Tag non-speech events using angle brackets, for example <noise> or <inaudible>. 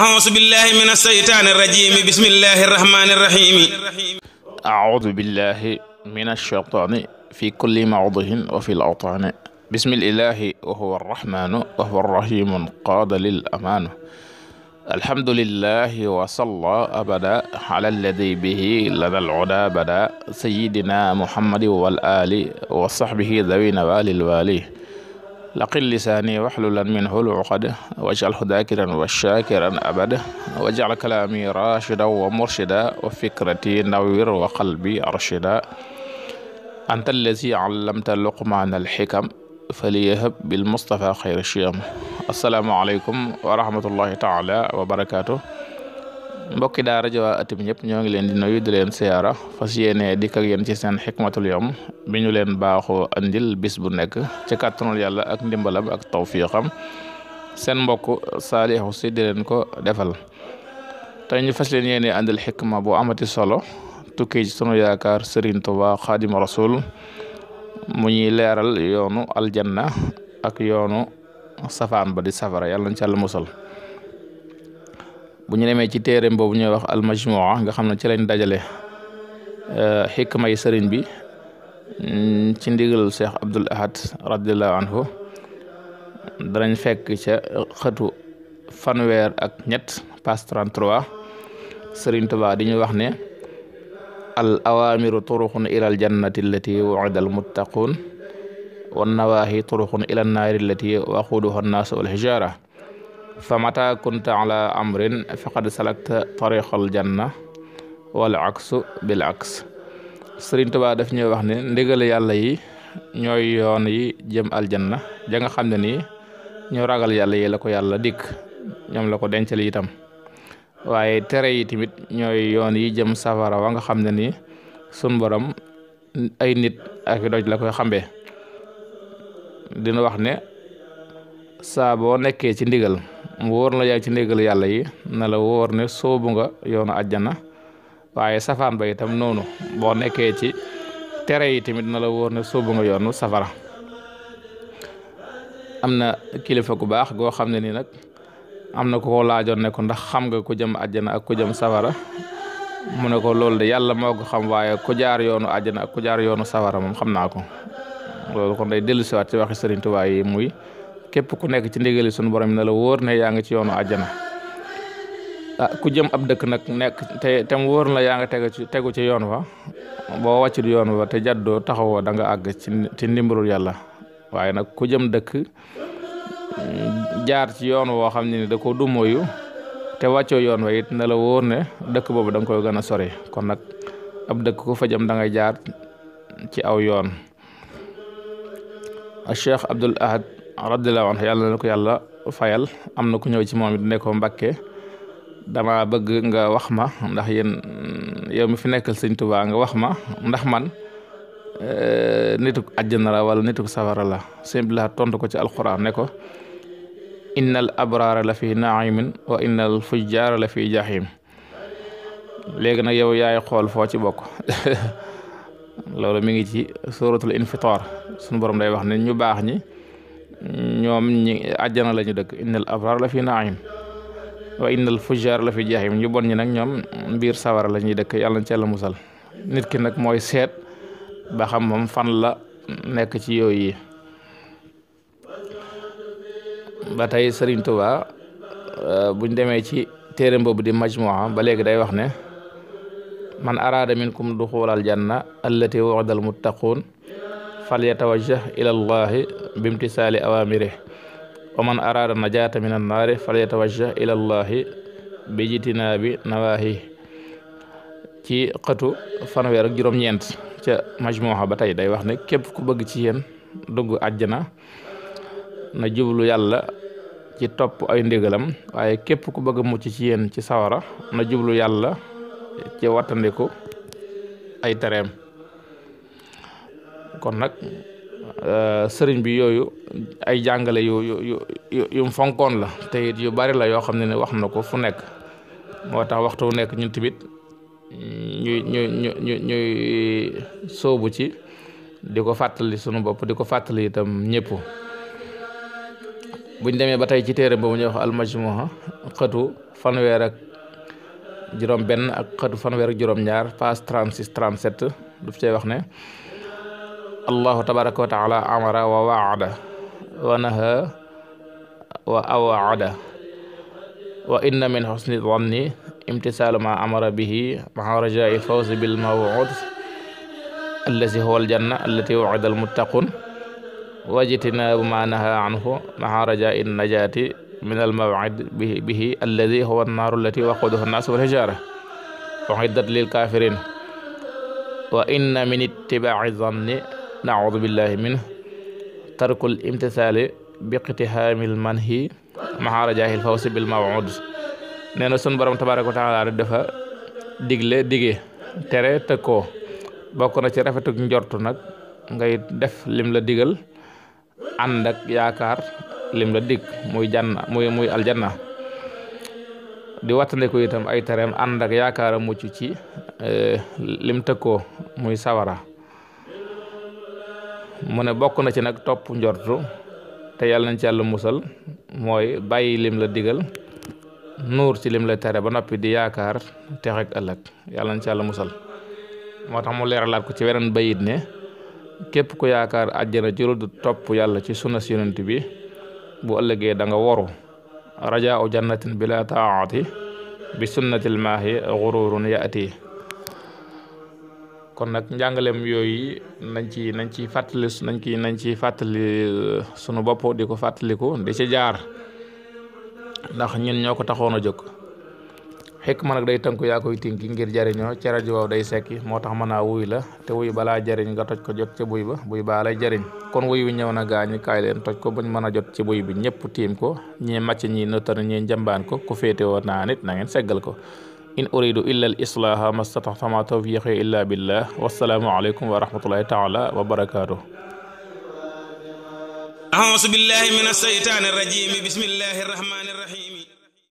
أعوذ بالله من الشيطان الرجيم بسم الله الرحمن الرحيم أعوذ بالله من الشيطان في كل موضع وفي الأوطان بسم الله وهو الرحمن وهو الرحيم قاد للأمان الحمد لله وصلى أبدا على الذي به لدى العدا بدا سيدنا محمد والآل وصحبه ذوي نوال الوالي laqil lisaani waxlulan min hul uqad waj'alhu daakiran wa shaakiran abada waj'al kalaami raashida wa murshida wa fikrati nawwir wa qalbi arshida anta allazi allamta luqmaana alxikam faliyahab bilmustafa xayra shiyam assalaamu aleykum wa rahmatullahi taala wa barakaatu mbokki daara jawaa atim ñëpp ñoo ngi leen di nuyu di leen seera fas yéene dikk ak yéen ci seen xikmatul yawm bi ñu leen baaxoo andil bis bu nekk ci kàttanul yàlla ak ndimbalam ak tawfiqam seen mbokk Saalihu Si leen ko defal tey fas leen yéene andil xikma bu amati solo tukkee ci sunu yaakaar Sëriñ Tuubaa Xaadimu Rasuul mu ñuy leeral yoonu aljanna ak yoonu safaan ba di safara yàlla na ci yàlla musal bu ñu demee ci téereem boobu ñuy wax almajmuwa nga xam ne ci lañ dajale euh, xikma sëriñ bi mm, ci ndigal cheikh abdul ahad radiallahu anhu danañ fekk ca xëtu fanweer ak ñett page sëriñ Tuubaa di wax ne al awaamiru turuqun ila al jannati allati wu'ida al muttaquun wan nawaahi turuqun ila an fa mata kunta ala amrin faqad salakta tariqal janna wal aksu bil aks Sëriñ Tuubaa daf ñuy wax ne ndigal yàlla yi ñooy yoon yi jëm aljanna ja nga xam ne ni ñu ragal yàlla yi la ko yàlla dikk ñoom la ko dencal itam waaye tere yi tamit ñooy yoon yi jëm safara wa nga xam ne nii sun borom ay nit ak doj la koy xambe dina wax ne saa boo nekkee ci ndigal mu wóor na yaa ci ndéggal yàlla yi na la wóor ne soobu nga yoonu àjjana waaye safaan ba itam noonu boo nekkee ci tere yi tamit na la wóor ne soobu nga yoonu safara am na kilifa gu baax goo xam ne nii nag am na ko laajoon ne ndax xam nga ku jëm àjjana ak ku jëm safara mu ne ko loolu de yàlla moo ko xam waaye ku jaar yoonu àjjana ak ku jaar yoonu safara moom xam naa ko loolu kon day dellusiwaat ci waxi Sëriñ Tuubaa muy képp ku nekk ci ndigali sunu borom na la wóor ne yaa ngi ci yoonu àjjana ah ku jëm ab dëkk nag nekk te te mu wóor la yaa nga tegu ci tegu ci yoon wa boo wàccul yoon wa te jàddoo taxawoo da nga àgg ci ci yàlla waaye nag ku jëm dëkk mm, jaar ci yoon woo xam ne da ko du te wàccoo yoon wa it na la wóor ne dëkk boobu danga nga koy gën a sori kon nag ab dëkk ku fajam jëm jaar ci aw yoon Cheikh Abdul Ahad radiyallaahu anhu yàlla na ko yàlla fayal am na ku ñëw ci moom it ne ko dama bëgg nga wax ma ndax yéen yow mi fi nekkal sëñ nga wax ma ndax man eh, nituk àjjana la wala nituk safara la sëñ bi la tontu ko ci alxuraan ne ko innal abraara la fi naimin wa innal fujjaara la fi jahim léegi nag yow yaay xool foo ci bokk <laughs> loolu mi ngi ci suratul infitar suñu borom day wax ne ñu baax ñi ñoom ñi lañu dëkk innal abrar la fi naim wa innal fujjar la fi jahim ñu bon ñi nag ñoom mbiir sawara la ñuy dëkk yàlla na ci yàlla musal nit ki nag mooy seet ba xam moom fan la nekk ci yooyu yi ba tey Sëriñ Tuba euh, buñ demee ci téeram boobu di majmua ba léegi day wax ne man araada minkum duxuulal janna allati wa'dal muttaquun falyatawajjah ila llahi bimtisaali awamirih wa man araada najaata min annaari falyatawajjah ila llahi bijitinaabi nawaahi ci xëtu fanweer ak juróom-ñeent ca majmuha ba tey day wax ne képp ku bëgg ci yéen dugg àjjana na jublu yàlla ci topp ay ndigalam waaye képp ku bëgg mucc ci yen ci sawara na jublu yàlla ci wattandiku ay tereem kon nag euh, sëriñ bi yooyu ay jàngale yu yu yu yu mu fonkoon la te yu bari la yoo xam ne ne wax na ko fu nekk moo tax waxtu nekk ñu tamit ñuy ñuy ñuy ñuy ci di ko fàttali sunu bopp di ko fàttali itam ñëpp buñ demee ba tey ci téere boobu ñuy wax almajmuha xëtu fanweer ak juróom benn ak xëtu fanweer ak juróom ñaar page 36 37 daf cay wax ne allahu tabaraka wa taala amara wa waada wa naha wa awaada wa inna min xusni danni imtisaalu ma amara bihi maa rajai fawzi bil mawud allazi huwa aljanna allati wuida almuttaqun wajtinaabu ma naha anhu maa rajai najaati min almawid bihi allazi huwa annaaru allati waquduha annaasu walhijaara uiddat lilkaafiriin wa inna min ittibaai zanni naudu billahi min tarkul imtisaali biqtihaamil manhi maharajaahil fawsi bil mawud nee na sun borom tabaraka wa taala rek dafa digle dige tere tëkkoo bokk na ci rafetuk njortu nag ngay def lim la digal ànd ak yaakaar lim la dig muy janna muy muy aljanna di wattandiku itam ay tereem ànd ak yaakaar a mucc ci eh, lim tëkkoo muy sawara mu ne bokk na ci nag topp njortu te yàlla nañ ci yàlla musal mooy bàyyi lim la digal nuur ci lim la tere ba noppi di yaakaar tex ak ëllëg yàlla nañ ci yàlla musal moo tax mu leeralaat ko ci weneen bayit ne képp ku yaakaar àjjana ci lu topp yàlla ci sunna bi bu ëllëgee da nga woru rajaa u jannatin bila taati bi sunnatil maahi gururun yaati kon nag njàngaleem yooyu nañ ci nañ ci fàttali nañ ci nañ ci fàttali uh, sunu bopp di ko fàttaliku di ci jaar ndax ñun ñoo ko taxoon a jóg xekk ma nag day tënku yaa koy ki ngir jariñoo ca rajo waaw day sekki moo tax mën a wuy la te wuy balaa jariñ nga toj ko jot ci buy ba buy baa jariñ kon wuy wi ñëw na gaañi kaay leen toj ko bañ mën a jot ci buy bi ñëpp tiim ko ñii màcc ñii nëttan ñii njambaan ko ku féete woon naa nit na ngeen seggal ko in uridu illa al islaaha mastatama tawfiqi illa billah wassalaamu aleykum wa rahmatullahi taala wa barakaatuh auzu billahi min asheytaani rajim bismillahi rahmani rahim